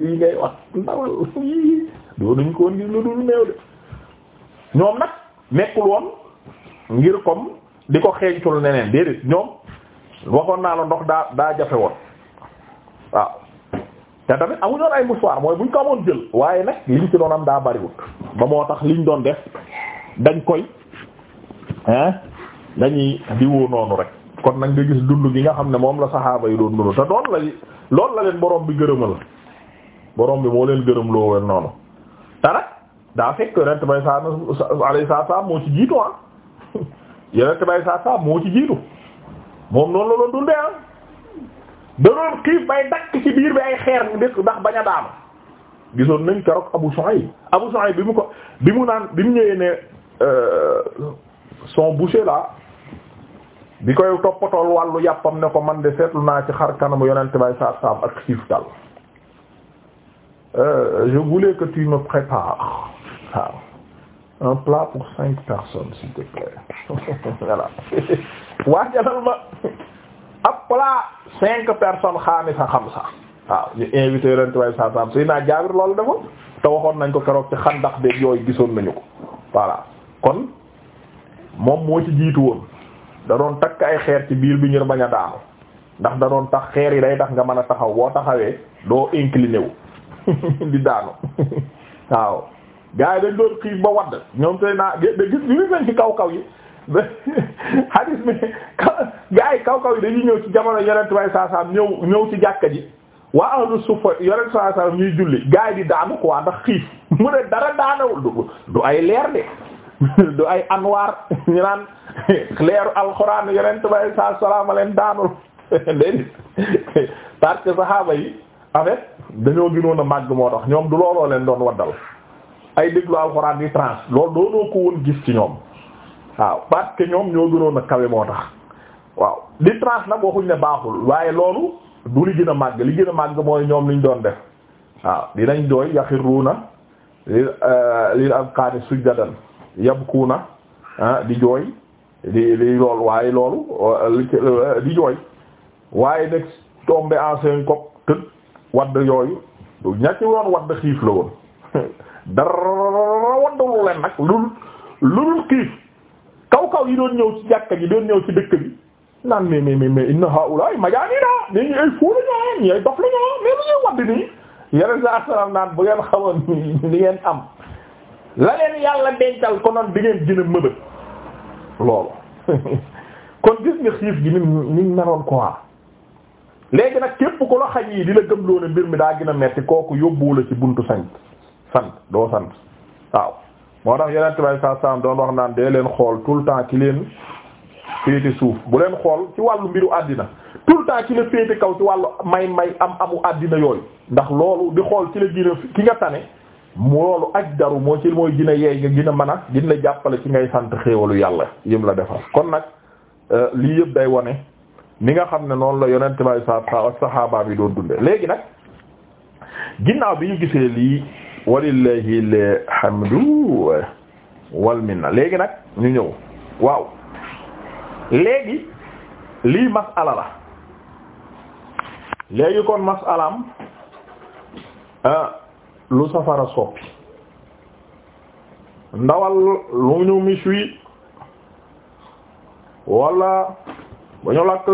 lii ngay wax ndawal yii doo ko woon lu dul néew de ñoom nag nekkul woon ngir comme di ko xeeñtul neneen déedéet ñoom waxoon naa la ndox daa daa jafe woon waaw te tamit amuñu woon ay mouchoir mooy buñ ko amoon jël waaye nag liñ ci doon am daa bariwul ba moo tax liñ doon def dañ koy hein dañuy diwoo noonu rek kon nag nga gis dund gi nga xam ne moom la saxaaba yi doon dund te doon la loolu la leen boroom bi gërëmal borom bi moo leen gërëm loo wér noonu tarak daa fekk yonent bay saa alayhi moo ci jiitu ah. saa salaam moo ci jiitu moom noonu la doon dundee ah da doon xiif bay dakk ci biir bi ay xeer ndax bañ a daanu gisoon nañ keroog Abu Shuayb Abu Shuayb bi mu ko bi mu naan bi mu ñëwee ne euh, son boucher là bi koy toppatool wàllu yàppam ne ko man de seetlu naa ci xar kanamu yonent bay saa salaam ak xiif dal Euh, je voulais que tu me prépares waaw un plat pour cinq personnes s'il te plaît voilà ma ab plat cinq personnes xaami sa xam sa waaw ñu invité yonent way sa sam suy naa jaabir loolu dafa te waxoon nañ ko keroog ci xandax de yooyu gisoon nañu ko voilà kon moom moo ci jiitu woon da doon takk ay xeer ci biir bi ngir bañ a daanu ndax da doon tax xeer yi day tax nga mën a taxaw woo taxawee doo incliné wu di daanu waaw gars yi dañ xiif ba wadd ñoom tey da gis ñu ngi leen ci kaw kaw yi hadis bi gars yi kaw kaw yi dañuy ñëw ci jamono yonent way saasaam ñëw ñëw ci jàkka ji waa ahlu sufa yonent saasaam ñuy julli gars di daanu quoi ndax xiif mu ne dara daanawul du ay leer de du ay anwaar ñu leeru alxuraan yonent way saa salaama leen daanul déedéet parce que saxaaba yi en dañoo gënoon a màgg moo tax ñoom du looloo leen doon waddal ay déglu alxuraan di transe loolu doonoo ko woon gis ci ñoom waaw parce que ñoom ñoo gënoon a kawe moo tax waaw di transe nag waxuñ ne baaxul waaye loolu du li gën màgg li gën màgg mooy ñoom liñ doon def waaw dinañ jooy yaxiruuna euh, lil lil azqaani sujjadan yabkuuna ah, di jooy di di loolu waaye loolu euh, euh, di jooy waaye nag tombé en seen kop tëdd wadd yooyu ña ci woon wadd xiif la woon dara waddulu leen nag lu lu dul xiif kaw kaw yi doon ñëw ci jàkka ji doon ñëw ci dëkk bi naan mais mais mais inna haula majaanina ni ñu ay fóolu ñaa ñu ay dof la ñaa mais lu ñuy wadd nii yeneen sa asalam naan bu ngeen xamoon li ngeen am la leen yàlla dencal konoon di ngeen gën a mëbët loolu kon gis nga xiif gi ni ni meloon quoi léegi nag képp ku la xañ yi di la gëm loolu mbir mi daa gën a metti kooku yóbbuwu la ci buntu sant sant doo sant waaw moo tax yeneen tubaab sant saa doon wax naan dee leen xool tout le temps ki leen féete suuf bu leen xool ci wàllu mbiru àddina tout le temps ki la féete kaw ci wàllu may may am amu àddina yooyu ndax loolu di xool ci la gën ki nga tane loolu ak daru moo ci mooy gën a yeey nga gën a mën a gën la jàppale ci ngay sant xéewalu yàlla yim la defal kon nag euh, lii yëpp day wone ni nga xam ne noonu la yonent bay sa ak saxaaba bi doon dunde léegi nag ginnaaw bi ñu gisee lii walillahi alhamdu wal minna léegi nag ñu ñëw waaw léegi lii masala la léegi kon masalaam ah, lu safara soppi ndawal lu ñu mis wi wala bu ñu lakk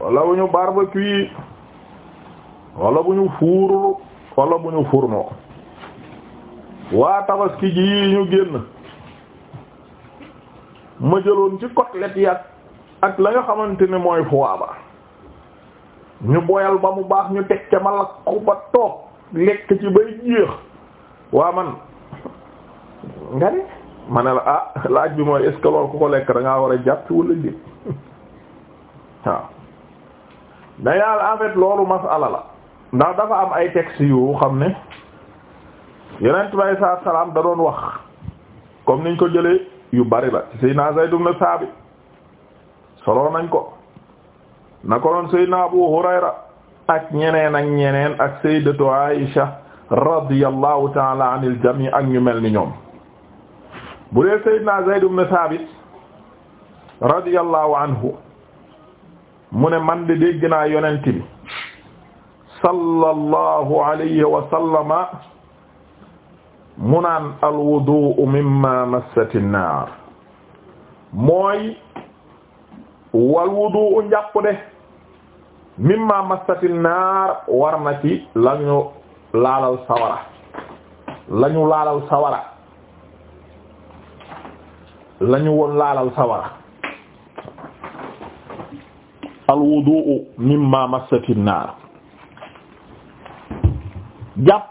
wala bu ñu barbecue wala bu ñu fuur wala bu ñu fourneau waa tabaski ji yi ñu génn ma jëloon ci côtelette yi ak la nga xamante ne mooy foie ba ñu boyal ba mu baax ñu teg ma lakk ba toog lekk ci bay jeex waa man nga ma la ah laaj bi mooy est loolu ku ko lekk da ngaa war a jàpp wala jëpp waaw dañaa en fait loolu masala la ndax dafa am ay textes yu xam ne yonent bi saa salaam da doon wax comme niñ ko jëlee yu bari la Seydina Zayd ibn Saabit solo nañ ko na ko doon Seydina Abu Hurayra ak ñeneen ak ñeneen ak Sayyidatu Aïsha radiyallahu ta'ala anil jami' ak ñu mel ni ñoom. bu dee Seydina Zayd ibn Thabit radiyallahu anhu mu ne man de dégg naa yonent sallallahu alayhi wa sallama mu naan mimma massati nnaar mooy walwudu'u njàpp de mimma massati nnaar war na lañu laalal lañu laalal sawara lañu woon laalal sawara al wudu'u mimma massati naar jàpp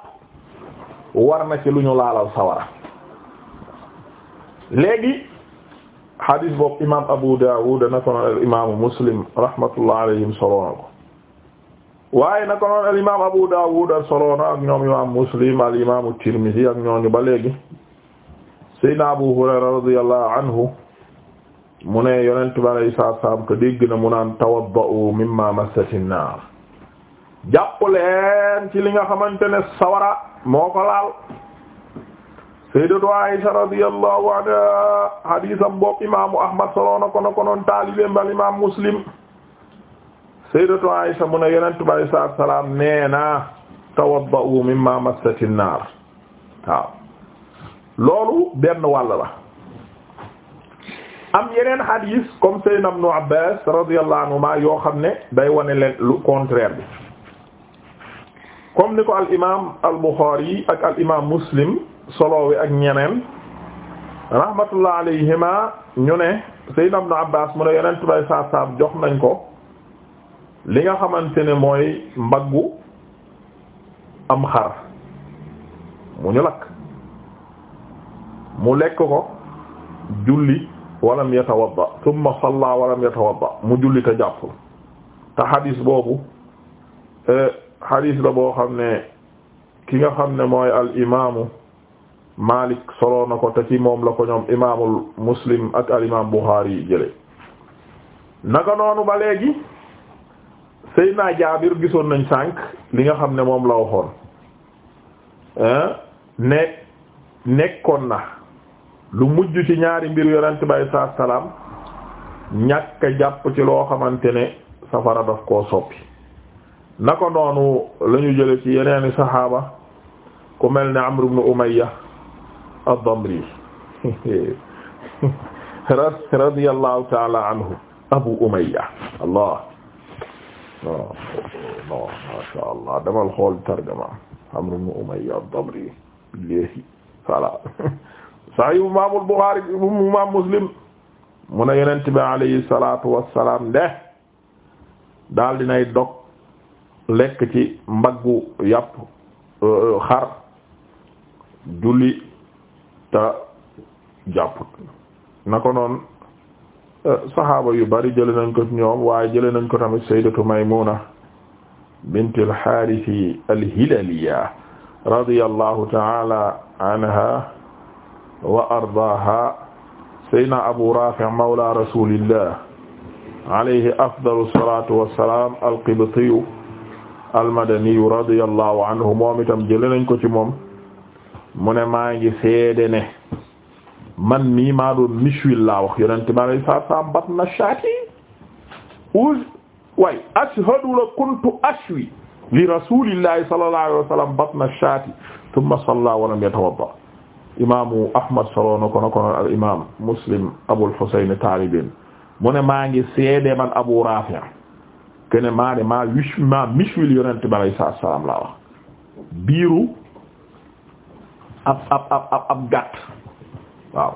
war na ci lu ñu laalal sawara léegi hadis boobu imaam Abu Dawud na ko noon al imaamu Muslim rahmatullah alayhim solo waaye na al imaam Abu Dawud solo na ak ñoom imaam Muslim al imaamu Tirmidhi ak ñooñu ba léegi Seydina Abu Hurayra radiyallahu anhu mu ne yonent bi alayhi salaatu salaam ko dégg na mu naan tawadda'u mimma massati naar jàpp leen ci li nga xamante ne sawara moo ko laal Sayyidatu Aisha radiyallahu anha hadiisam bopp imaamu Ahmad solo na ko na ko noon taalibeem bal imaam Muslim Sayyidatu Aisha mu ne yonent bi alayhi salaatu salaam nee na tawadda'u mimma massati naar waaw loolu benn wàll la am yeneen hadis comme Sayyidina Ibn Abbas radiyallahu anhuma yoo xam ne day wane leen lu contraire bi comme ni ko al imaam al Bukhari ak al imaam Muslim soloowe ak ñeneen rahmatullah alayhima ñu ne Sayyidina Ibn Abbas mu ne yeneen tubay saab jox nañ ko li nga xamante ne mooy mbaggu am xar mu ñu lakk mu lekk ko julli walam yatawadda thumma salla walam yatawadda mu julli te jàppul te hadis boobu hadis e, la boo xam ne ki nga xam ne mooy al imaamu Malik solo ko te ci moom la ko ñoom imaamul Muslim ak al imaam Bukhari yi jële naka noonu ba léegi Seydina Jaabir gisoon nañ sànq li nga xam ne moom la waxoon ne nekkoon na lu mujj ci ñaari mbir yonent bay saa salaam ñàkk jàpp ci loo xamante ne safara daf koo na ko noonu la ñu jële ci yeneeni saxaaba ku mel ne Amr ibn Umayya ad-Damri radiyallahu taala anhu Abu Umayya allah non non masha allah demal xool tarjama Amr ibn Umayya ad-Damri léegi voilà sax yu imaamul Buxaari imaam Muslim mu ne yonent bi lekk ci mbaggu yàpp euh, euh, xar julli ta jàpput na ko noon euh, yu bari jële nañ ko ñoom waaye jële nañ ko tamit Maymuna bint al-Haaris al ta'ala anha wa ardaaha sayyidina abu rafi' mawla rasulillah alayhi afdalu salatu wassalam alqibtiyu almadaniyu radiyallahu anhu moom itam jële nañ ko ci moom mu ne maa ngi seede ne man mii maa doon mishwil laa wax yonente ma lay saa saa bat na shaati us way ashhadu la kuntu ashwi li rasulillahi sallallahu alayhi wa sallam batna shaati thumma salla wa lam yatawadda imaamu Ahmad solo na ko na al imaam Muslim Abul Husayn taalibin mu ne maa ngi seede man Abu Rafi' kene maa ne maa wis maa miswil bi alayhi salaam laa wax biiru ab ab ab ab waaw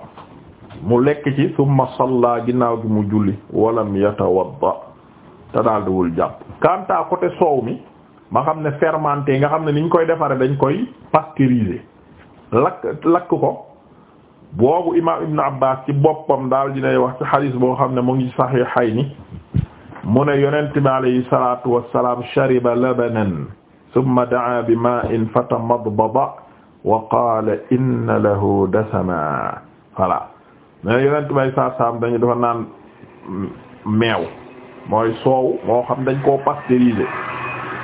mu lekk ci summa salla ginnaaw gi mu julli walam yatawadda te daal diwul jàpp quant à côté soow mi ma xam ne fermenté nga xam ne niñ koy defare dañ koy pasteurisé lakk lakk ko boobu imaam Ibn Abbas ci boppam daal dinay wax ci xadiis boo xam ne mu ngi Saxiixayni mu ne yonent bi alayhi salaatu wassalaam shariba labanan thumma da'a bi maa'in fatamadbada wa qaala inna lahu dasama voilà dafa naan meew mooy soow moo xam dañ ko pasteurisé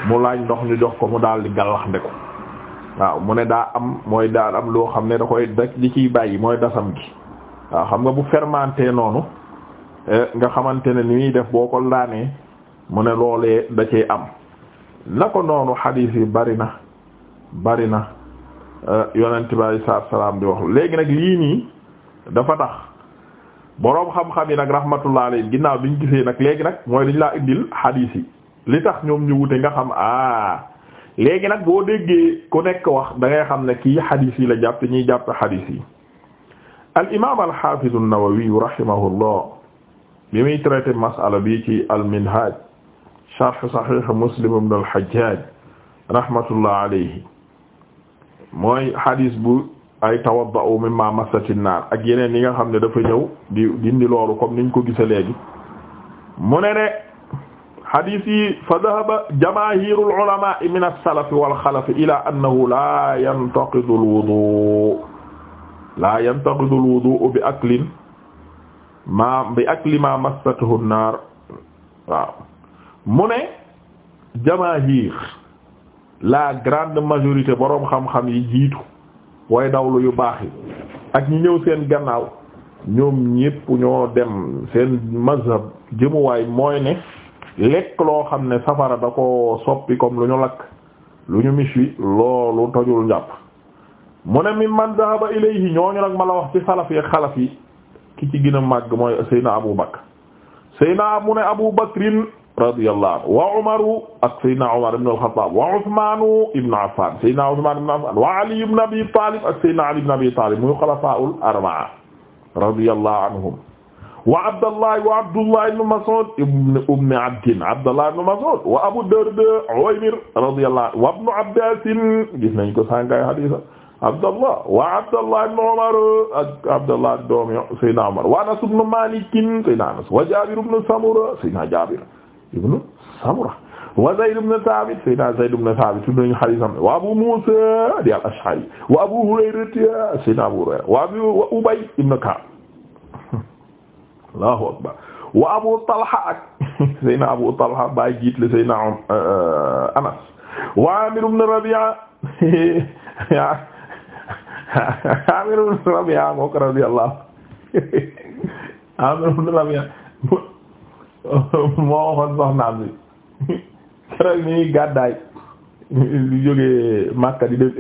mu laaj ndox ñu jox ko mu daal di gàllax nde ko waaw mu ne daa am mooy daal am loo xam ne da koy da li ciy bàyyi mooy dasam gi waaw xam nga bu fermenté noonu eh, nga xamante ne ni muy def boo ko laanee mu ne loolee da cee am na ko noonu xadiis yi bari na bari na eh, yonent bi alayhi salaatu salaam di wax léegi nag lii nii dafa tax boroom xam-xam yi nag rahmatullah alayhi ginnaaw bi ñu gisee nag léegi nag mooy dañ laa indil xadiis yi li tax ñoom ñu wute nga xam ah. léegi nag boo déggee ku nekk wax da xam ne kii xadiis yi la jàpp ñuy jàpp xadiis yi al imaam al xaafiz an-Nawawi rahimahullah bi muy traité masala bi ci al minhaj sharh sahih Muslim ibn al Hajjaj rahmatullah alayhi mooy xadiis bu ay tawadda'u mimma massati naar ak yeneen yi nga xam ne dafa ñëw di dindi loolu comme niñ ko gisa léegi mu ne ne xadis yi fa dahaba jamaahirul ulama min as-salaf wal xalaf ila annahu la yantaqidu al-wudu la yantaqidu al-wudu bi aklin ma bi akli ma massathu an-nar waaw mu ne jamaahir la grande majorité boroom xam-xam yi jiitu way dawlu yu baax yi ak ñi ñëw seen gannaaw ñoom ñépp ñoo dem seen mazhab jëmuwaay mooy ne lekk loo xam ne safara da ko soppi comme lu ñu lakk lu ñu mis wi loolu tojul njàpp mu ne mi man dahaba ilayhi ñooñu nag ma la wax ci salaf yi ki ci gën a màgg mooy Seyna Abu Bakr Seyna mu ne Abu Bakrin radiyallahu anhu wa Umaru ak Seyna Umar ibn al wa Usmaanu ibn Affan Seyna Usmaan Ali ibn Abi Talib ak Seyna Ali ibn Abi Talib muy xulafaa'ul arba'a radiyallahu anhum wa Abdallah wa Abdullah ibn Mas'ud ibn Ummi Abdin Abdallah ibn Mas'ud wa Abu Darda Uwaymir radiyallahu wa ibn Abbas gis nañ ko sànqay hadisa Abdallah wa Abdallah ibn Umar ak Abdallah doomi Sayyidina Umar wa Anas ibn Malik Sayyidina Anas wa Jabir ibn Samura Sayyidina Jabir ibn Samura wa Zayd ibn Thabit Sayyidina Zayd ibn Thabit ibn Harisam wa Abu Musa di al-Ash'ari wa Abu Hurayra Sayyidina Abu Hurayra wa Ubay ibn Ka'b allahu akbar wa abu talha ak sayna abu talha baay jiit le sayna uh, uh, anas wa amir ibn rabi'a amir ibn rabi'a moo ko radiyallahu amir rabi'a moo waxoon soxnaam bi keroog ni gàddaay lu jógee Makka di dem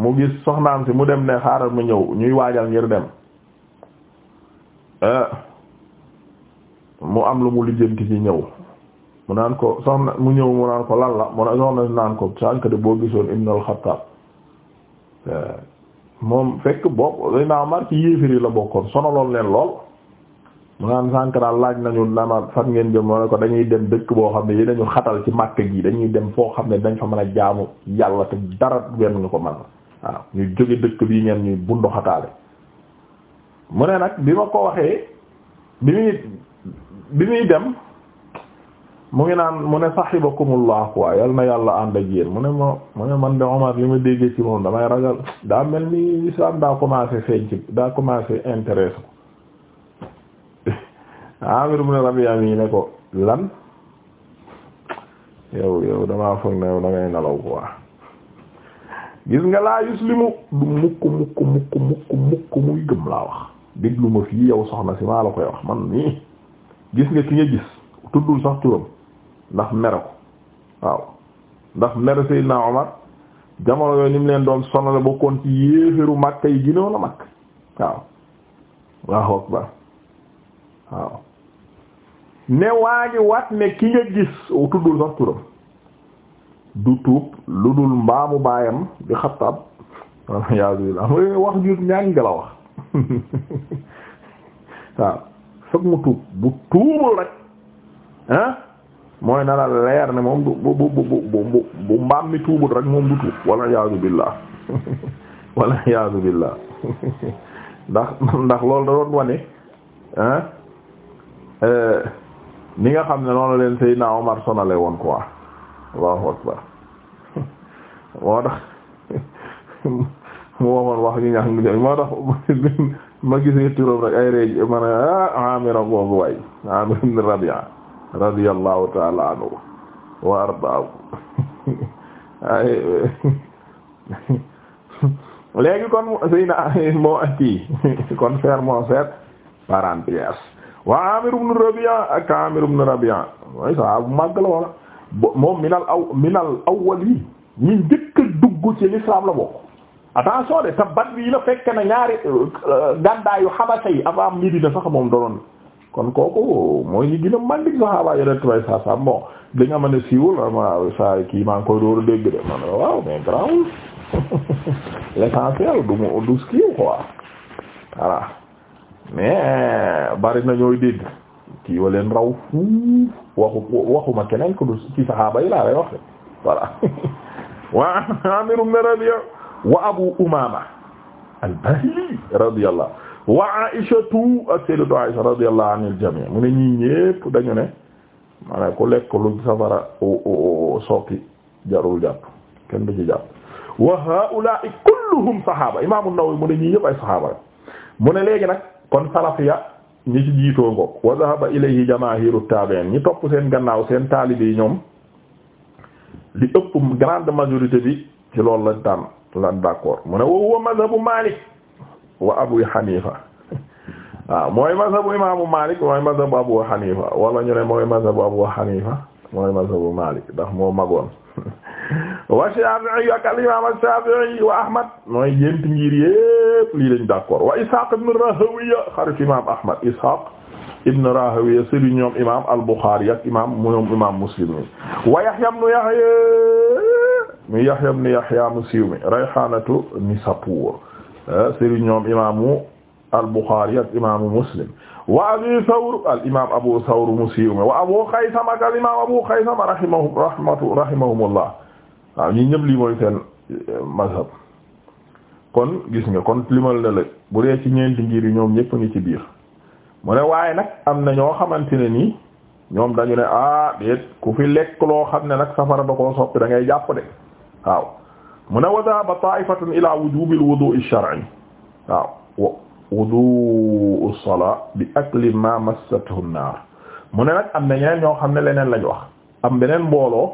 mu gis soxnaam mu dem ne xaaral mu ñëw ñuy waajal ngir dem Eh, mu am lu mu lijjanti ci ñëw mu naan ko soxna mu ñëw mu naan ko lan la mu soxna naan ko sànq de boo gisoon Ibn al-Khattab eh, moom fekk boobu day naa mar ci yéefiri la bokkoon sonaloon leen lool mu naan sànq daal laaj nañu nama fan ngeen jëm ne ko dañuy dem dëkk boo xam ne yi dañu xatal ci Makka gi dañuy dem foo xam ne dañ fa mën a jaamu yàlla te dara wenn nga ko man waaw ñu jóge dëkk bii ngeen ñuy bundu xataale mu ne nag bi ma ko waxee bi muy bi muy dem mu ngi naan mu ne sahibakumullah quoi yal na yàlla ànd ak yéen mu ne ma mu ne man de Omar li ma déggee ci moom damay ragal daa mel ni islam daa commencé feeñ daa commencé intéressé ko Amir mu ne rab Rabi'a yi ne ko lan yow yow damaa foog ne yow da ngay nelaw quoi gis nga laa yuslimu du mukk mukk mukk mukk mukk muy gëm laa wax lu ma fii yow soxna si maa la koy wax man nii gis nga ki nga gis tuddul sax turam ndax mere waaw ndax mere Seydina Omar jamono yooyu ni mu leen doon sonal bokkoon ci yéeféru Makka yi gine wala Makka waaw waaw waaw ne waa ngi wat ne ki nga gis tuddul sax turam du tuub lu dul mbaamu baayam di Xattaab wala yaaduillah wax ju ñàng la wax waaw foog mu tuub bu tuubul rek ah mooy na la leer ne moom du bu bu bu bu mbaam mi tuubul rek moom du tuub wala yaazu billah wala yaazu billah ndax ndax loolu da doon wane ah eh, ni nga xam ne noonu leen Seydina Omar sonale woon quoi Allahu akbar moo tax moomoon wax moo tax ma gisee turam rek ay réew ma ne ah boobu waay Amir ibn Rabi'a radiyallahu ta'ala anhu wa ay léegi kon moo atti kon faire mon ak Amir ibn Rabi'a mooy saa bu màgg la moom minal aw minal awwal yi ñu njëkk dugg ci l'islam la bokk. attention de te Badr la fekk na ñaari euh, euh, gàddaayu Habasa am avant Médina sax moom doonoon kon kooku mooy ñi gën a mandik saxaaba yeneen tubay saa saa bon li nga mën a siiwul ah, ma saa kii maa ngi koy dooru dégg de man waaw mais grand l'essentiel du mu du skiw quoi voilà mais euh, bari na ñooy dégg kii wa leen raw fuuf waxu waxuma keneen ko du ci saxaaba yi laa lay wax de waa amirum na rabiya wa abu umama al-bahili radiyallahu wa aishatu ak sayyidatu aisha radiyallahu anil jami' mu ne ñii ñépp dañu ne maanaam ku lekk lu safara sokki jarul jàpp kenn du ci jàpp wa haa'ulaa'i kulluhum sahaaba imaam an mu ne ñii ñépp ay sahaaba rek mu ne léegi nag kon salafiya ñi ci jiitoo ngoog wa dhahaba ilayhi jamaahiru taabi'iin ñi topp seen gannaaw seen taalibe yi ñoom li ëpp grande majorité bi ci loolu lañ tànn lan d'accord mu ne wa huwa mazhabu Malik wa Abu Hanifa mooy mazhabu imaamu Malik mooy mazhabu Abu Hanifa wala ñu ne mooy Malik ndax magoon wa Shafi'i ak al-imam al-Shafi'i wa Ahmad mooy yent ngir yépp lii wa Ishaq ibn Rahawiya Ishaq ibn Rahawiya sëriñ ñoom imam al-Bukhari imam Muslim wa Yahya ibn Yahya mi Yahya ibn Yahya mu siiw mi rayhanatu Nisapur eh, sëriñ ñoom imaamu al-Bukhari ak imaamu Muslim wa Abi Thawr al imaam Abu Thawr mu siiw mi wa Abu Khaytham ak al imaam Abu Khaytham rahimahu rahmatu waaw ñi ñëpp lii mooy seen eh, mazhab kon gis nga kon limal na la bu dee ci ñeenti ngir ñoom ñëpp ngi ci biir mu ne waaye nag am na ñoo xamante ne nii ñoom dañu ne ah déet ku fi lekk loo xam ne nag safara da koo soppi da jàpp de waaw mu ne wa dhahaba ta'ifatun ila wujubi al-wudu' ash-shar'i waaw wudu' as-salat bi akli ma massathu an-nar mu ne nag am na ñeneen ñoo xam ne leneen lañ wax am beneen mbooloo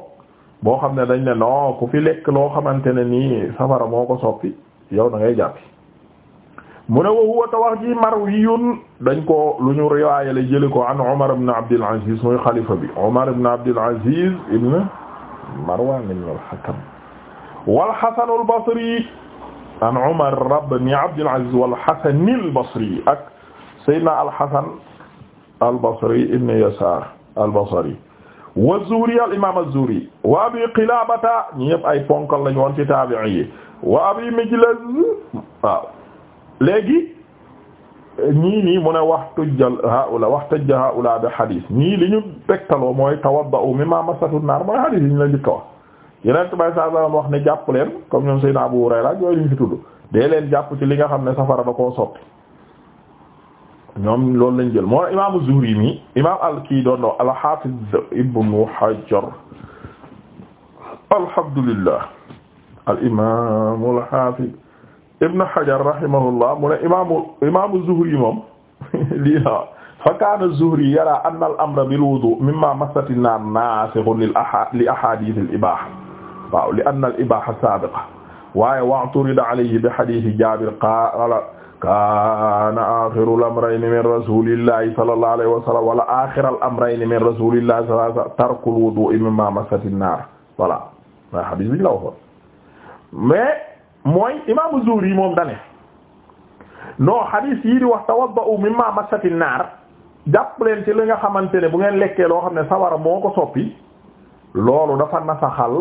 boo xam ne dañ ne non ku fi lekk loo xamante ne nii safara moo ko soppi yow da ngay jàppi mu ne wa huwa te wax ji marwiyun dañ ko lu ñu riwaaya la jële ko an Umar ibn Abdul Aziz muy xalifa bi Umar ibn Abdul Aziz ibn Marwan ibn al-Hakam wal Hasan al Basri an Umar ibn Abdul Aziz wal Hasan al Basri ak Seydina al Hasan al Basri ibn Yasar al Basri wa Zuhri al imaam az-Zuhri wa Abi Qilaabata ñi yëpp ay ponkal lañu woon ci taabi'i yi wa Abi Mijlaz waaw léegi ñii nii mu ne wax tujjal haula wax tajja haula bi hadith ñii li ñu tegtaloo mooy tawadda'u mimma masatu naar mooy hadith yi ñu la njëkk a wax yeneen tubaab saa saa wax ne jàpp leen comme ñoom Seydina Abu Hurayra yooyu ñu fi tudd dee leen jàpp ci li nga xam ne safara da koo soppi ñoom loolu lañ jël moo imaamu Zuhri mi imaam al kii doon doon al-Hafiz Ibnu Hajar alhamdulillah al imaam al-Hafiz Ibnu Hajar rahimahullah mu ne imaamu imaamu Zuhri moom lii la fa kaana Zuhri yara anna al-amra bil wudu' mimma massat an-naar naasikhun li ahadith al-ibaaha waaw li anna al ibaha sabiqa waaye wa'turida alayhi bi hadithi jabir qaala kaana akhiru al-amrayni min rasulillahi sallallahu alayhi wa sallam wala akhira al-amrayni min rasulillahi sallallahu alayhi wa sallam tarku al-wudu'i mimma masat an-nar voilà waa hadith bi ñu la waxoon mais mooy imaamu Zuhri moom dane non hadith yii di wax tawadda'u mimma masat an-nar jàpp leen ci li nga xamante ne bu ngeen lekkee loo xam ne sawara moo ko soppi loolu dafa nasaxal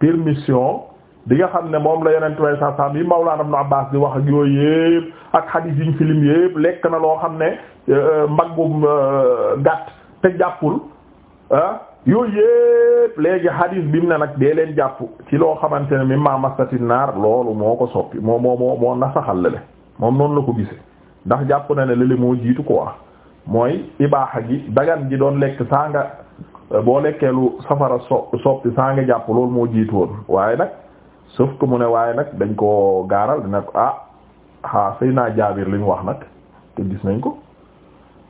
permission bi nga xam ne moom la yeneen way sa sam yi Mawlana Ibn Abbas di wax ak yooyu yëpp ak hadith yiñ filim yëpp lekk na loo xam ne euh, mbaggum euh, gàtt te jàppul ah yooyu yëpp léegi bi mu ne nag dee leen jàpp ci loo xamante ne mi maam mamasati naar loolu moo ko soppi moo moo moo moo nasaxal moom noonu la ko gisee ndax jàpp na ne lële moo jiitu quoi mooy ibaaxa gi dagan gi doon lekk saa nga Euh, boo lekkee lu safara so soppi saa ngi jàpp loolu moo jiitu woon waaye nag sauf ko mu ne waaye nag dañ koo gaaral dina ko ah ah sëy naa jaabir li ñu wax nag te gis nañ ko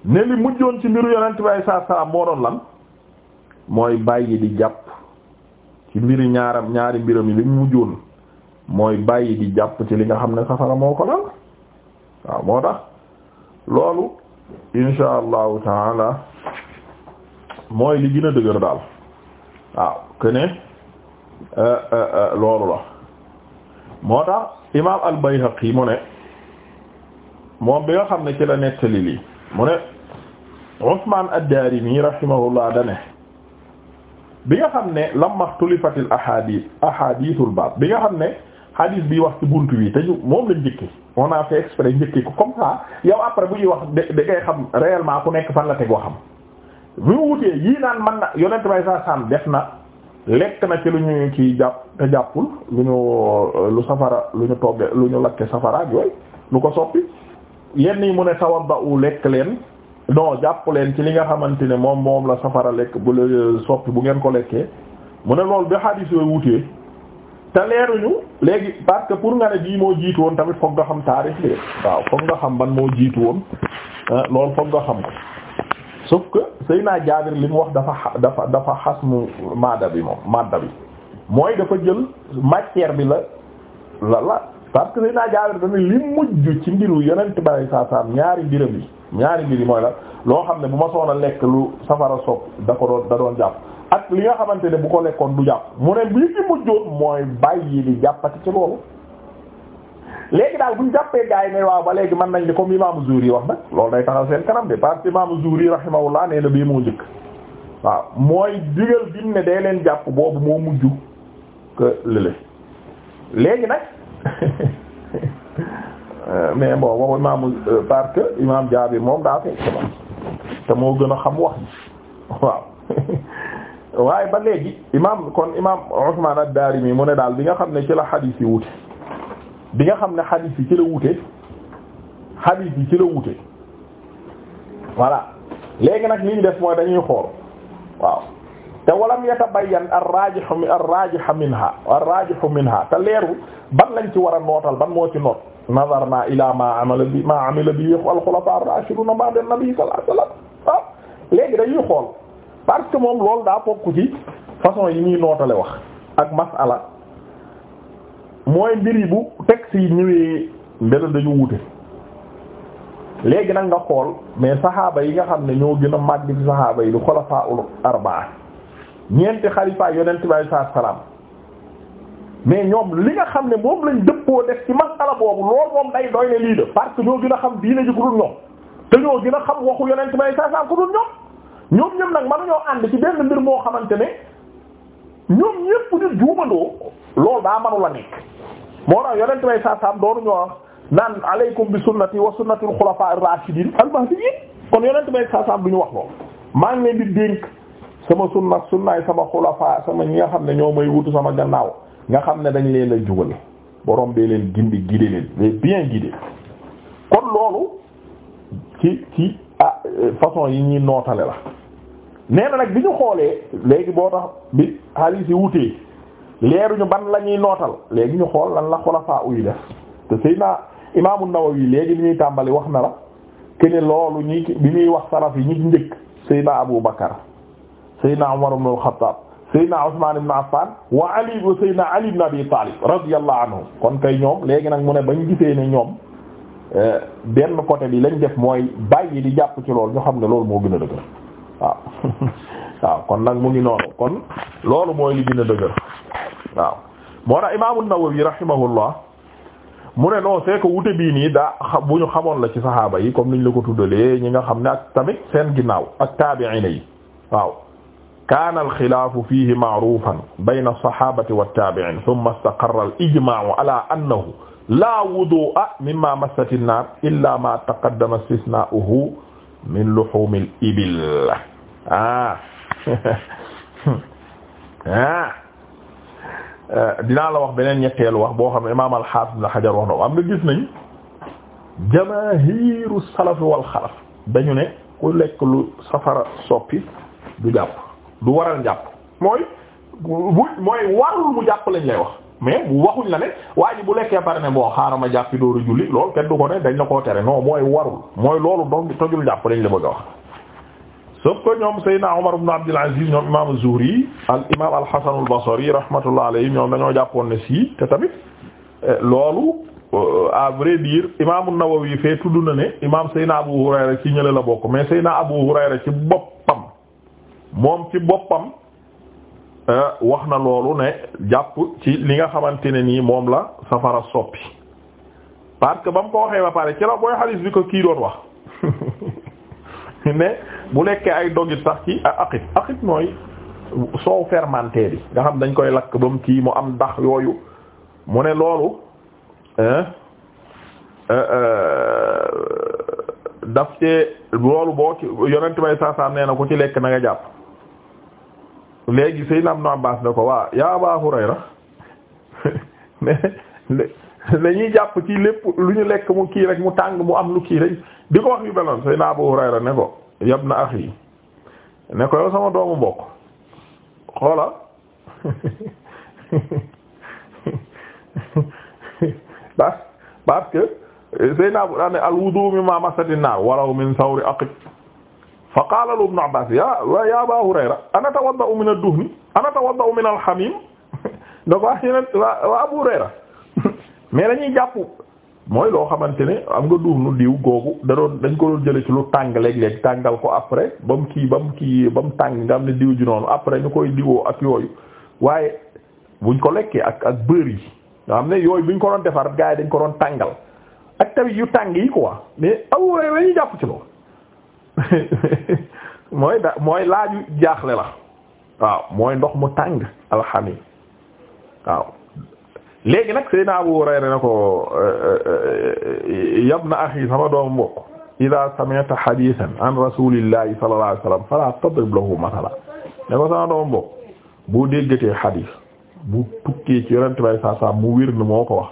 ne li mujjoon ci mbiru yonent bi saa saa moo doon lan mooy bàyyi di jàpp ci ñaari mbiram yi li mooy bàyyi di jàpp ci li nga xam ne safara moo ko lal waaw moo tax loolu insha allahu taala mooy li gën a dëgër daal waaw que ne euh, euh, euh, loolu la moo tax imaam al-Bayhaqi mu ne moom bi nga xam ne ci la nettali lii mu ne Usmaan ad-Daarimi rahimahullah dane bi nga xam ne lamma ixtulifatil ahadith ahadithul baab bi nga xam ne hadith bi wax ci buntu bi te ñu moom lañ njëkki on a fait exprès njëkki ko comme ça yow après bu ñuy wax da ngay xam réellement ku nekk fan la teg waxam bi mu wutee yii naan man na yonent bay saa saam def na lekk na ci lu ñu ci jàpp te jàppul lu ñu lu safara lu ñu togge lu ñu lakke safara ak lu ko soppi yenn yi mu ne tawaba u lekk leen non jàpp leen ci li nga xamante ne moom moom la safara lekk bu la soppi bu ngeen ko lekkee mu ne loolu ba xaadis yooyu wutee te leeruñu léegi parce que pour nga ne bii moo jiitu woon tamit foog nga xam taarix bi waaw foog nga xam ban moo jiitu woon ah, loolu foog nga xam sauf que Seydina Jaabir li mu wax dafa dafa dafa xas mu maada bi moom maada bi mooy dafa jël matière bi la la la parce que Seydina Jaabir dafa li mujj ci mbiru yonent bari saa ñaari mbiram yi ñaari mbir mooy la loo xam ne bu ma soon a lekk lu safara sopp da ko doon da doon jàpp ak li nga xamante ne bu ko lekkoon du jàpp mu ne bii ci mujjoon mooy bàyyi li jàppati ci loolu léegi daal bu ñu jàppee gars yi waaw ba léegi man nañ ne comme imaamu Zuhri wax nag loolu day taxaw seen kanam de parce que imaamu Zuhri rahimahullah nee na bii moo njëkk waaw mooy digal bi mu ne leen jàpp boobu moo mujj léegi nag mais bon waxu imaamu euh, parce moom daa moo gën a xam wax waaw. ba léegi imaam kon imaam Usmaan ad ne daal bi nga xam ne ci la xadiis yi wuute. bi nga xam ne xadiis yi ci la wute xadiis yi ci la wute voilà léegi nag li ñu def mooy dañuy xool waaw te walam yatabayyan ar-rajihu ar-rajihu minha ar-rajihu minha te leeru ban lañ ci war a nootal ban moo ci noot nazarna ila ma amala bi ma amila bi al-khulafa ar-rashiduna ba'da an-nabi sallallahu alayhi wasallam waaw léegi dañuy xool parce que moom loolu daa bokk ci façon yi ñuy nootale wax ak masala mooy mbir yi bu texte yi ñëwee mbir dañu wute léegi nag nga xool mais saxaaba yi nga xam ne ñoo gën a màgg ci saxaaba yi du xulafaa ul arbaa ñeenti xalifaa yonent bi sallallahu alayhi wasallam mais ñoom li nga xam ne moom lañ dëppoo def ci masala boobu loolu moom day doy ne lii de parce que ñoo gën a xam diine ji ku dul ñoom te ñoo gën a xam waxu yonent bi sallallahu alayhi wasallam ku dul ñoom ñoom ñoom nag ñoo ànd ci benn mbir moo xamante ne ñoom ñépp di juumandoo loolu moo tax yonent bay saasaam doonu ñoo wax naan aleykum bi sunnati wa sunnatil xulafaa ar-raashidin al-mahdiyyin kon yonent bay saasaam du ñu wax loolu maa ngi leen di dénk sama sunna sunnaay sama xulafaa sama ñi nga xam ne ñoo may wutu sama gannaaw nga xam ne dañ leen a jubal borom bee leen gindi guidé leen les bien guidé kon loolu ci ci ah façon yi ñuy nootale la nee na nag bi ñu xoolee léegi boo tax bi xaalis yi wutee leeruñu ban la ñuy nootal léegi ñu xool lan la xulafaa uy def te Seydina Imaam An-Nawawi léegi li ñuy tàmbali wax na la ke loolu ñi bi ñuy wax salaf yi ñu njëkk Seydina Abu Bakar Seydina Umar ibn al-Khattab Seydina Usmaan ibn Affan wa Ali wa Seydina Ali ibn Abi Talib radiyallahu anhu kon kay ñoom léegi nag mu ne bañ gisee ne ñoom eh, benn côté bi lañ def mooy bàyyi di jàpp ci lool ñu xam ne loolu moo gën a dëgër waaw waaw kon nag mu ngi noonu kon loolu mooy waaw moo tax imaamu Nawawi rahimahullah mu ne non c'est que wute bii nii daa bu ñu xamoon la ci saxaaba yi comme niñ la ko tuddalee ñi nga xam ne ak tamit seen ginnaaw ak taabi'ina yi waaw kaana alxilaafu fiihi ma'ruufan bayna as-sahaabati wat-taabi'iin thumma istaqarra al-ijmaa'u ala annahu laa wuduu'a mimmaa massat an-naar illaa maa taqaddama istisnaa'uhu min luhuumi al-ibil ah ah Euh, dinaa la wax beneen ñetteelu wax boo xam ne imaam al-Hafiz Ibn Hajar wax na am nga gis nañ jamaahiru salaf wal xalaf dañu ne ku lekk lu safara soppi du jàpp du waral jàpp mooy bu mooy warul mu jàpp lañ lay wax mais bu waxuñ la ne waa ji bu lekkee pare ne boo xaaral ma jàppi dooru julli loolu kenn du ko ne dañ la koo tere non mooy warul mooy loolu doom tojul jàpp lañ la bëgg a wax sauf que ñoom Seydina Omar ibn Abdul Aziz ñoom imam Zuhri al imam al Hasan al Basri rahmatullah alayhi ñoom dañoo jàppoon ne si te tamit eh, loolu euh, à vrai dire nawawi fee tudd na ne imam Seydina Abu Hurayra ci ñële la bokk mais Seydina Abu Hurayra ci boppam moom ci boppam euh, wax na loolu ne jàpp ci li nga xamante ne nii moom la safara soppi parce que ba mu ko waxee ba pare ci booy xalis bi ko kii doon wax mais bu lekkee ay dogit sax ci aqit aqit mooy soow fermenté bi nga xam dañ koy lakk ba mu kii mu am ndax yooyu mu ne loolu euh, euh, daf cee loolu boo ci yonent bay saasaam nee na ku ci lekk na nga jàpp léegi Seydina Ibn Abbas da ko waa yaa Abaa Hurayra dañuy jàpp ci lépp lu ñu lekk mu kii rek mu tàng mu am lu kii rek di ko wax yu beloon sayna Abu Hurayra ne ko yab na axi ne ko yow sama doomu mbokk xoola parce parce que Abu daan ne mi ma masati naar walaw min sawri aqiq fa qaala lu Abbaas ya ya Aba Hurayra ana tawadda'u min ad-duhni ana tawadda'u min al-hamiim da ko wax ah, yenen wa Abu Hurayra mais dañuy jàpp mooy loo xamante ne am nga duuf nu diw googu da doon dañ ko doon jële ci lu tàng léeg-léeg tàngal ko après ba mu kii ba mu kii ba mu tàng nga am ne diw ji noonu après ñu koy diwoo ak yooyu waaye buñ ko lekkee ak ak beurre yi nga xam ne yooyu buñ ko doon defar gars yi dañ ko doon tàngal ak tamit yu tàng yi quoi mais aw dañuy jàpp ci loolu mooy da mooy laaju jaaxle la waaw mooy ndox mu tàng alxami waaw léegi nag Seydina Abu Hurayra ne ko yabna axi sama doom mbokk ida sami'ta hadithan an rasulillahi sallallahu alayhi wasallam fala tadrib lahu mathala ne ko sama doom mbokk boo déggatee hadith bu tukkee ci yonent bay saa mu wér moo ko wax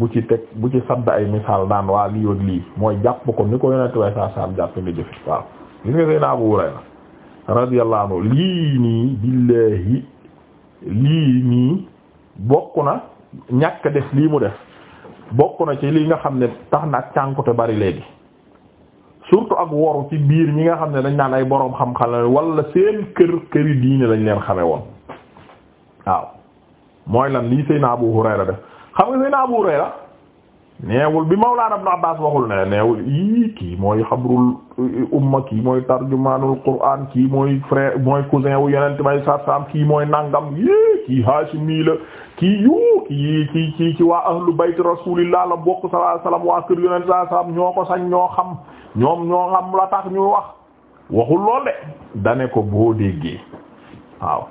bu ci teg bu ci sadd ay misaal daan waa lii ak lii mooy jàpp ko ni ko yonent bay saa jàpp nga jëfe waaw gis nga Seydina Abu Hurayra radiyallahu anhu lii nii billahi lii nii bokk na ñàkk def lii mu def bokk na ci li nga xam ne tax na ak cànkute bari léegi surtout ak woru ci biir ñi nga xam ne dañ naan ay boroom xam-xam wala seen kër këri diine lañ leen xame woon waaw mooy lan lii Seydina Abu Hurayra def xam nga Seydina Abu Hurayra neewul bi Mawlaana Ibn Abbaas waxul ne neewul ii kii mooy xabrul uh, umma kii mooy tarjumaanul Qur'aan kii mooy frère mooy cousin wu yonent bay sarsam kii mooy nangam yii kii Haashimi la kii yu kii kii kii ci waa ahlu bayt Rasuulillah la bokk sallallahu alayhi wasallam waa kër yonent sallallahu alayhi wasallam ñoo ko sañ ñoo xam ñoom ñoo xam la tax ñuy wax waxul lool de dane ko boo déggee waaw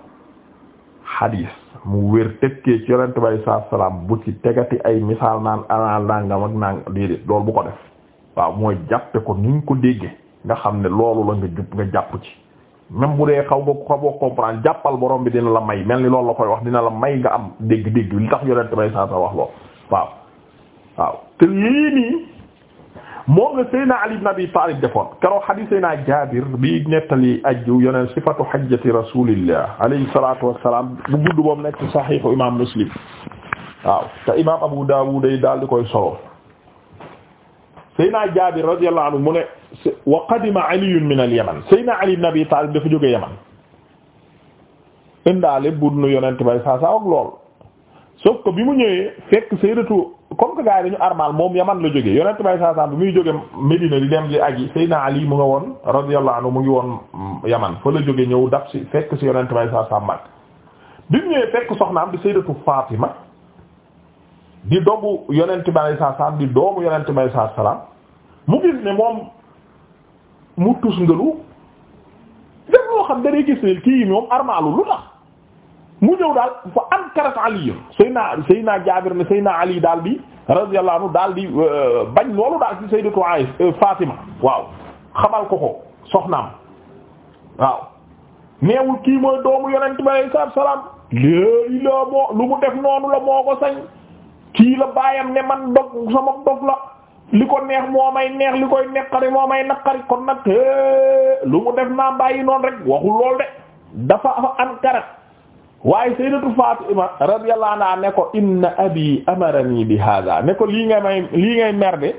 xadiis mu wér tekkee ci yonent bay saa salaam bu ci tegati ay misaal naan anal nangam ak nang déedéet loolu bu ko def waaw mooy jàppe ko ni ko déggee nga xam ne loolu la nga jub nga jàpp ci même bu dee xaw nga ko boo comprendre jàppal boroom bi dina la may mel ni loolu la koy wax dina la may nga am dégg-dégg li tax yonent bay saa sa wax lool waaw waaw te lii nii moom la Seyna Ali ibn Abi Talib defoon keroog xadiis Seyna Jaabir bi nettali ajju yeneen sifatu hajjati rasulillah alayhi salatu wassalam bu gudd boom nekk saxiixu imam Muslim waaw te imam Abu Dawud day daal di koy solo Seyna Jaabir radiyallahu anhu mu ne wa qadima Ali min al-Yaman Seyna Ali ibn Abi Talib dafa jóge Yaman indaale budnu yonent bay saa saa ak lool sauf que bi mu ñëwee fekk sayyidatu comme que gars yi dañu armal moom yaman la jógee yonent bay saasan bi muy jóge Medina di dem di aji Seydina Ali mu nga woon radiyallahu anhu mu ngi woon yaman fa la jóge ñëw dab si fekk si yonent bay saasan mag bi mu ñëwee fekk soxnaam di Sayyidatu Fatima di dogu yonent bay saasan di doomu yonent bay saasan mu gis ne moom mu tus ngëlu def xam dara gis ne kii moom armalu lu tax mu ñëw daal fa ankarat ali sayna sayna Jaabir ne sayna Ali daal di radiyallahu anhu daal di euh, bañ loolu daal ci sayyidatu Aisha euh, waaw xamal ko ko soxnaam waaw neewul kii mooy doomu yonent bi alayhi salaatu salaam léegi la moo lu mu def noonu la moo ko sañ kii la baayam ne man dog sama dog la li ko neex moo may neex li koy neqari moo may naqari kon nag lu mu def naa bàyyi noonu rek waxul lool de dafa afa ankarat waaye sayyidatu Fatima radiyallahu anha ne ko in abi amarani bi hada ne ko lii ngay may lii ngay merde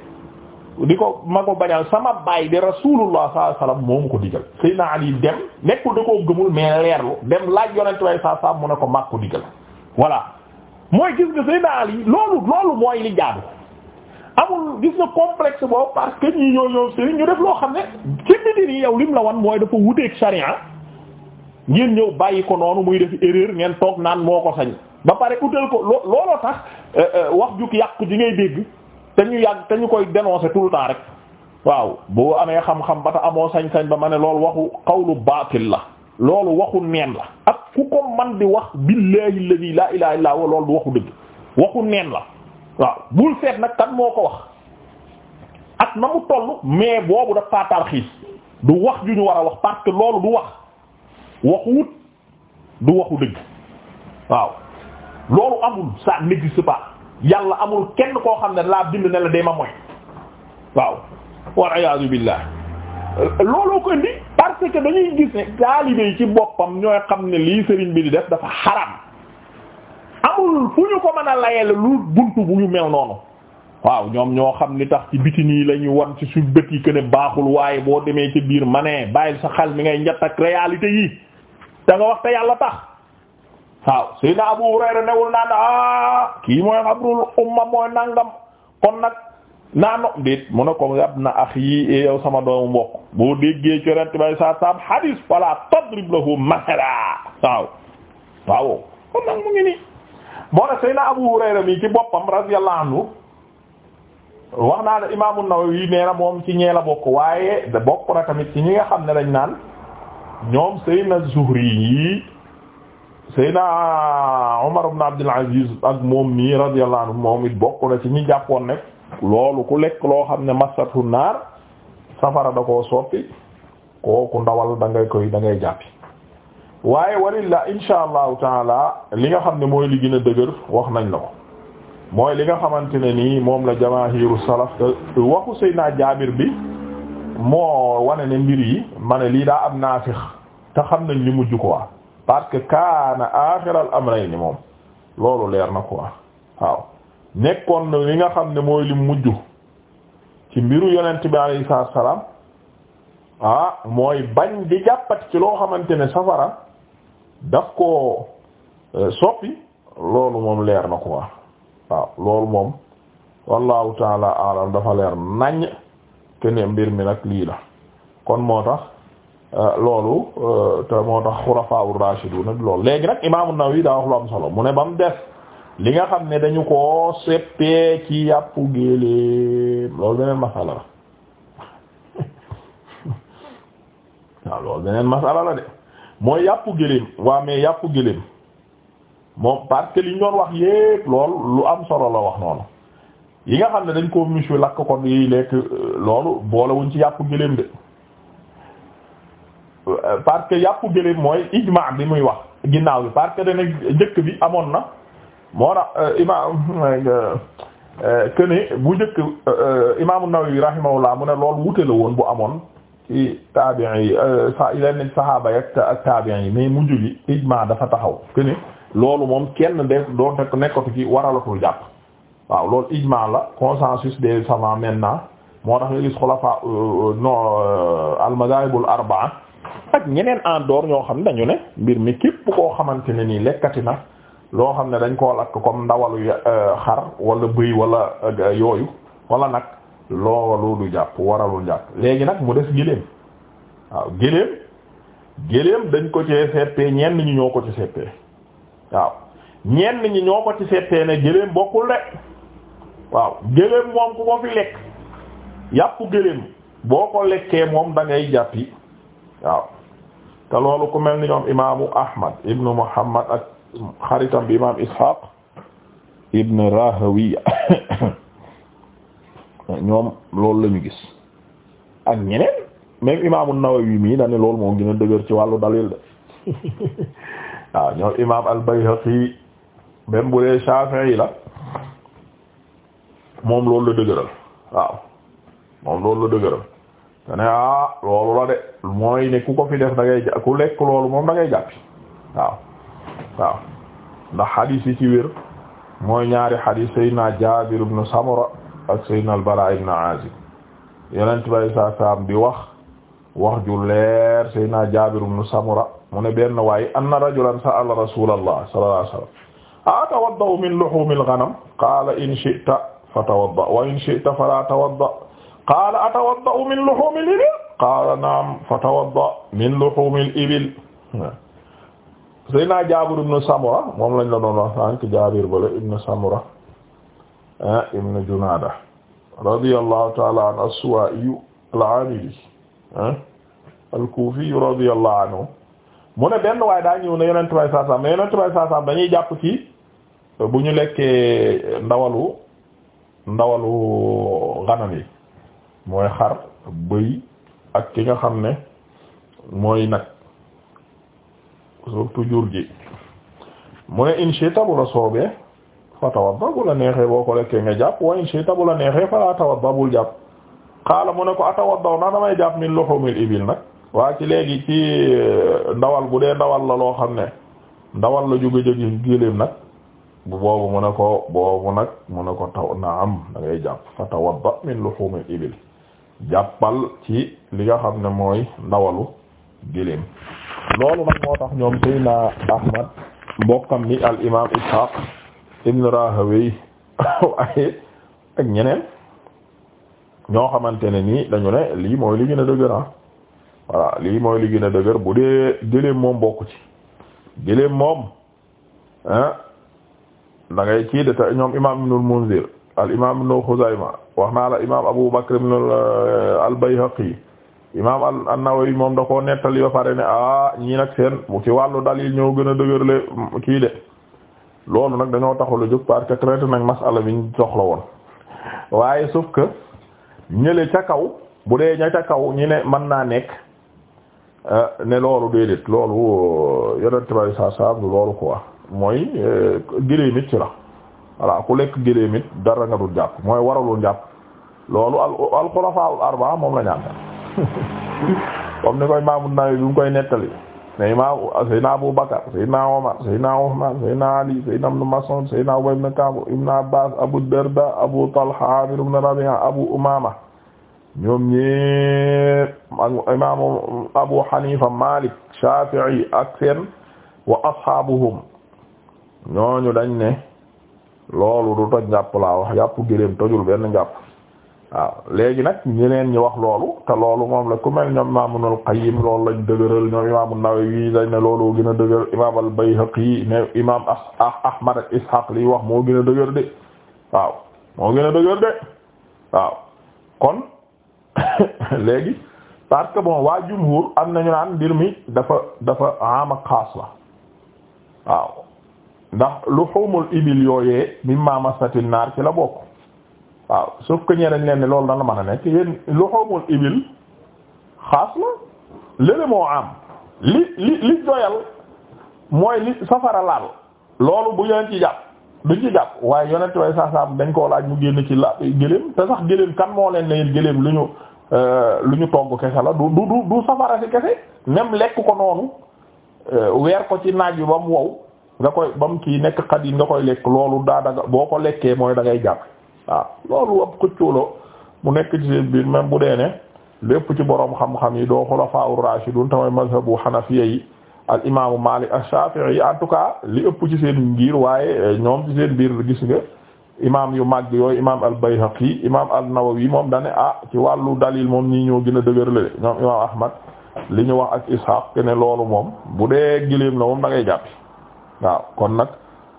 di ko ma ko bañal sama baay de rasulullah sallallahu alayhi wasallam moomu ko digal sayyidina Ali dem nekkul da koo gëmul mais leerlu dem laaj yonent way saa saa ne ko mag ko digal voilà mooy gis nga sayyidina Ali loolu loolu mooy li jaadu amul gis nga complexe boobu parce que ñii ñoo ñoom sëriñ ñu def loo xam ne ci nit yi yow lim la wan mooy dafa wuteeg charia ngeen ñëw bàyyi ko noonu muy def erreur ngeen toog naan moo ko sañ ba pare utal ko loo looloo tax euh, euh, wax juk yàqu ji ngay dégg te ñu yàgg te ñu koy dénoncer tout le temps rek waaw boo amee xam-xam ba ta amoo sañ-sañ ba ma ne loolu waxu xawlu baatil la loolu waxu neen la ak ku ko man di wax billahi alladhi la ilaha illa huwa loolu du waxu dëgg waxu neen la waaw bul seet nag kan moo ko wax ak na mu toll mais boobu daf faa tarxiis du wax ju ñu war a wax parce que loolu du wax waxuwut du waxu dëgg waaw loolu amul ça n'existe pas yàlla amul kenn koo xam ne laa bind ne la day ma mooy waaw wal iyaadu billah looloo ko indi parce que dañuy gis ne taalibe ci boppam ñooy xam ne lii sëriñ bi di def dafa xaram amul fu ñu ko mën a layele lu buntu bu ñu mew noonu waaw ñoom ñoo xam ni tax ci biti nii lañuy ñu wan ci suñu bët yi que ne baaxul waaye boo demee ci biir ma ne bàyyil sa xel mi ngay njatt ak réalité yi da nga wax te yàlla tax waaw Seydina Abu Hurayra newul naan ah kii mooy xabrul umma mooy nangam kon nag naano déet mu ne ko yab na ax yi e yow sama doomu mbokk boo déggee corent bay sa sam hadis wala tadrib lahu masala waaw waaw kon nag mu ngi nii moo ne Seydina Abu Hurayra mi ci boppam radiyallahu anhu wax naa ne Imaamu Nawawi nee na moom ci ñee la bokk waaye bokk na tamit ci ñi nga xam ne dañ naan ñoom Seydina Zuhri yi Seydina Umar ibn Abdul Aziz ak moom nii radiyallahu anhu moom it bokk na ci ñi jàppoon nag loolu ku lekk loo xam ne masatu naar safara da koo soppi kooku ndawal da ngay koy da ngay jàppi waaye walillah insha allahu taala li nga xam ne mooy li gën a dëgër wax nañ la ko mooy li nga xamante ne nii moom la jamaahiru salaf te waxu Seydina Jaabir bi moo wane ne mbir yi mane lii daa am naafix te xam nañ li mujj quoi parce que kaana aaxiral amrayni moom loolu leer na quoi waaw nekkoon na li nga xam ne mooy li mujj ci mbiru yonent bi alayhi salaam ah mooy bañ di jàppati ci loo xamante ne safara daf ko euh, soppi loolu moom leer na quoi waaw loolu moom wallahu taala alam dafa leer nañ kene mbir mi nag lii la kon moo tax euh, loolu euh, te moo tax xurafaa'ur raashiduna loolu léegi nag imaam an-Nawawi daa wax lu am solo mu ne ba mu def li nga xam ne dañu ko seppee ci yàppu géléem loolu beneen masala la waaw loolu beneen masala la de mooy yàppu géléem waa mais yàppu géléem moom parce li ñu doon wax yépp lool lu am solo la wax noonu yi nga xam ne dañ koo monsieur lakk kon yiy lekk loolu boolewuñ ci yàpp gëléem de parce que yàpp gëléem mooy ijma bi muy wax ginnaaw bi parce que dana njëkk bi amoon na moo na euh, imaam oh euh, que bu njëkk euh, imaamu Nawawi rahimahullah mu ne loolu wute la woon bu amoon ci tabi'in yi sa leen saxaaba yak ak tabi'in yi mais mujj gi ijma dafa taxaw que loolu moom kenn de doon nekkatu ci waralatul jàpp waaw loolu ijmaa la de des savants naa moo tax nga gis xulafa euh, euh, non euh, almazahibul arbaa ak ñeneen en dehors ñoo xam ne dañu ne mbir mi képp koo xamante ne nii lekkati na loo xam ne dañ koo lakk comme ndawalu xar wala bëy wala yooyu wala nag loolu du jàpp waralul jàpp léegi nag mu des géléem waaw géléem géléem dañ ko ci seppee ñenn ñi ñoo ko ci seppee waaw ñenn ñi ñoo ko ci seppee ne géléem bokkul de waaw géléem moom ku ko fi lekk yàppu géléem boo ko lekkee moom da ngay jàppi waaw te loolu ku mel ni ñoom imaamu ahmad ibnu muhammad ak xaritam bi imaam ishaq ibnu rahawiya ñoom loolu lañu gis ak ñeneen même imaamu nawawi mii dane loolu moo gën dëgër ci wàllu dalil de waaw ñoom imaam al bayhaqi même bu dee la moom loolu la dëgëral moom loolu la dëgëral te ne ah de mooy ne ko fi def da ku lekk loolu moom da ngay jàppi waaw waaw ndax xadiis yi ci wér mooy ñaari xadiis Seydina Jaabir ibn Samura ak Seydina al-Bara ibn Azib yeneen bay saa bi wax wax ju leer Seydina Jaabir ibn Samura mu ne benn waaye rajulan sa'ala Rasuulallah sallallahu alayhi wa sallam a atawadda'u min luhuumil ghanam qaala in shi'ta fatawadda wa in shi'ta fala tawadda qaala atawadda'u min luhumil ibil qaala naam fatawadda min luhumil ibil Seydina Jaabir ibn Samura moom lañ la doon wax sànq Jaabir bala ibn Samura ah, ibn Junaada radiyallahu ta'ala anhu as-Suwaa'i al-Aamili ah, al-Kuufi radiyallahu anhu mu ne benn waaye daa ñëw ne Yonent bi sallallahu alayhi wasallam ne Yonent bi bu ñu lekkee ndawalu ndawalu ganam yi mooy xar bëy ak ki nga xam ne mooy nag surtout jur gi mu ne in shi'ta bu la soobee fa tawadda bu la neexee boo ko lekkee nga jàpp wa in shi'ta bu la neexee fa laa tawadda bul jàpp xaala mu ne ko atawaddaw na damay jàpp min luhumil ibil nag waa ci léegi ci euh, ndawal bu dee ndawal la loo xam ne ndawal la jóge jóge géléem nag bu boobu mu ne ko boobu nag mu ne ko taw naam da ngay jàpp fa min luhumil ibil jàppal ci li nga xam ne mooy ndawalu gëléem loolu nag moo tax ñoom Seydina Ahmad mbokkam ni al imam Ishaq ibn Rahawayh waaye ak ñeneen ñoo xamante ne nii dañu ne lii mooy li gën a ah. lii mooy li dëgër bu dee gëléem moom bokku ci gëléem moom ah, da ngay kii de te ñoom imam ibnul Munzir al imam ibnu Xuzayma wax naa la imam Abu Bakr ibn al euh, Bayhaqi imam an-Nawawi moom da koo nettali ba pare ne ah ñii nag seen bu ci wàllu dalil ñoo gën a dëgërle mm, kii de loolu nag dañoo taxalu jóg parce que traité nag masala bi ñu soxla woon waaye sauf que ñële ca kaw bu dee ña ca kaw ñi ne mën naa nekk euh, ne loolu déedéet loolu euh, yonent bi sallallahu alayhi wasallam loolu quoi mooy euh, gëléem it ci ku lekk gëléem it dara nga dul jàpp mooy waralul jàpp loolu al al xulafaa'ul arba'a moom la ñaan comme ni koy Imaamu Nawawi bi mu koy nettali Seydina Abu Bakar Seydina Omar Seydina Ousmane Seydina Ali Seydina Ibn Mas'ud Seydina Ubay ibn Abu Darda Abu Talha Abu Umama ñoom ñépp Abu Hanifa Malik Shafi'i ak wa ashabuhum ñooñu dañ ne loolu du toj njàpp laa wax yàpp géléem tojul benn njàpp waaw léegi nag ñeneen ñi wax loolu te loolu moom la ku mel ñoom Imaamul Qayyim loolu lañ dëgëral ñoom Imaam An-Nawawi dañ ne looloo gën a dëgër Imaam Al-Bayhaqi ne Imaam Ahmad ak Ishaq liy wax moo gën a dëgër de waaw moo gën a dëgër de waaw kon léegi parce que bon waa jumhur am nañu naan mbir mi dafa dafa am ak xaas la waaw ndax luhumul ibil yooyee mimma masatin naar ci la bokk waaw sauf que ñee dañ leen ni loolu dana mën a nekk yéen luhumul ibil xaas la lële am li li li doyal mooy li safara laal loolu bu yonent ci jàpp duñ ci jàpp waaye yonent way saasaam dañ koo laaj mu génn ci la gëléem te sax gëléem kan moo leen ne gëléem lu ñu euh, lu ñu togg kese la du du du safara si kese même lekk ko noonu euh, weer ko ci naaj bi ba mu wow nga koy ba mu kii nekk xadiim nga koy lekk loolu daa daga boo ko lekkee mooy dangay ngay jàpp loolu ab xëccooloo mu nekk ci seen biir même bu dee ne lépp ci boroom xam-xam yi doo xulafaa ur-raashidun tamay mazhabu xanafiya yi al imaamu Maalik ash-Shaafi'i en tout cas li ëpp ci seen ngir waaye eh, ñoom ci seen biir gis nga imaam yu mag yooyu imaam al-Bayhaqi imaam an-Nawawi moom dane ah ci wàllu dalil moom ñii ñoo gën a dëgërale ñoom imaam Ahmad li ñu wax ak Ishaq ke loolu moom bu dee gileem la moom da ngay waaw kon nag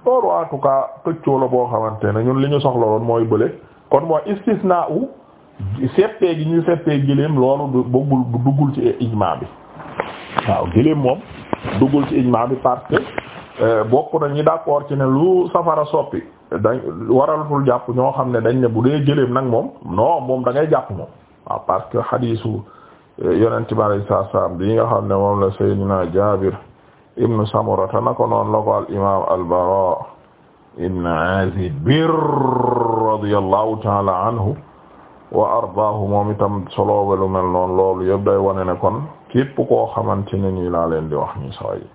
loolu en tout cas la boo xamante ne ñun li ñu soxla woon mooy bële kon mooy istisna u seppee gi ñu seppee giléem loolu bëggul duggul ci ijma bi moom duggul ci ijma bi parce que euh, bokk na ñi d'accord ci ne lu safara soppi dañ waralatul jàpp ñoo xam ne dañ ne bu dee giléem nag moom non moom da ngay jàpp moom waaw parce que xadiisu euh, yonent bi alayhi salaam bi nga xam ne moom la naa Jaabir ibnu samurata nako noon la ko al imam al-Bara ibn Azib radiyallahu ta'ala anhu wa ardaahu moom itam soloobelu mel noonu loolu yëpp day wane ne kon képp koo xamante ne nii laa leen di wax ni sawa yi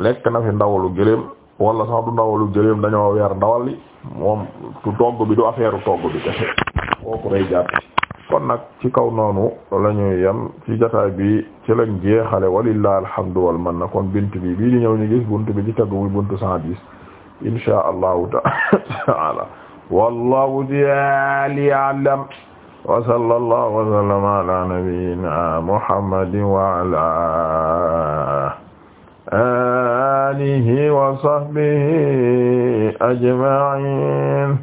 lekk na fi ndawalu gëléem wala sax du ndawalu gëléem dañoo weer ndawal li moom tu togg bi du affaire togg bi kese kooku day jàpp kon nag ci kaw noonu la ñuy yem ci jotaay bi ci lañ jeexale walillahi alhamdu wal minna kon bunt bi bii di ñëw ñu gis bunt bi ci tegu muy bunt cent dix insha allahu taala wallahu ta'ala a'lam wa sallallahu wa sallama ala nabiyyina muhammadin wa ala alihi wa sahbihi ajma'in